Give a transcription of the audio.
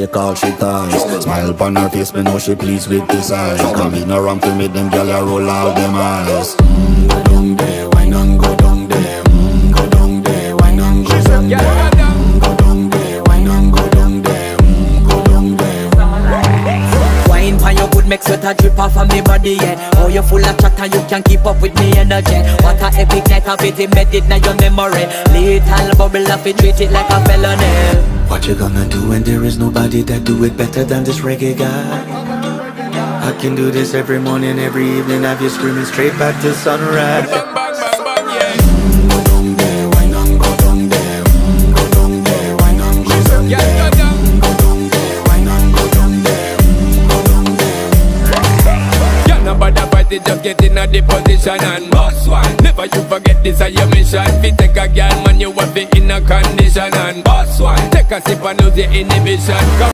Take all she ties Smile upon her face, me know she pleased with this eyes Come in around to meet them, girl, I roll all them eyes mm, go down there, wine and go down there mm, go down there, wine and go down there mm, go down there, wine go down there mm, go down there Wine pan your good, make sweat a drip off of me body, yeah Oh, you are full of chatter, you can't keep up with me energy What a epic night, I've it embedded now your memory Little bubble, I've treat it like a felony what you gonna do when there is nobody that do it better than this reggae guy? I can do this every morning, every evening, have you screaming straight back to sunrise. Just get in a the position and boss one Never you forget this is your mission Fi take a girl you have it in a condition and boss one. Take a sip and lose your inhibition. Come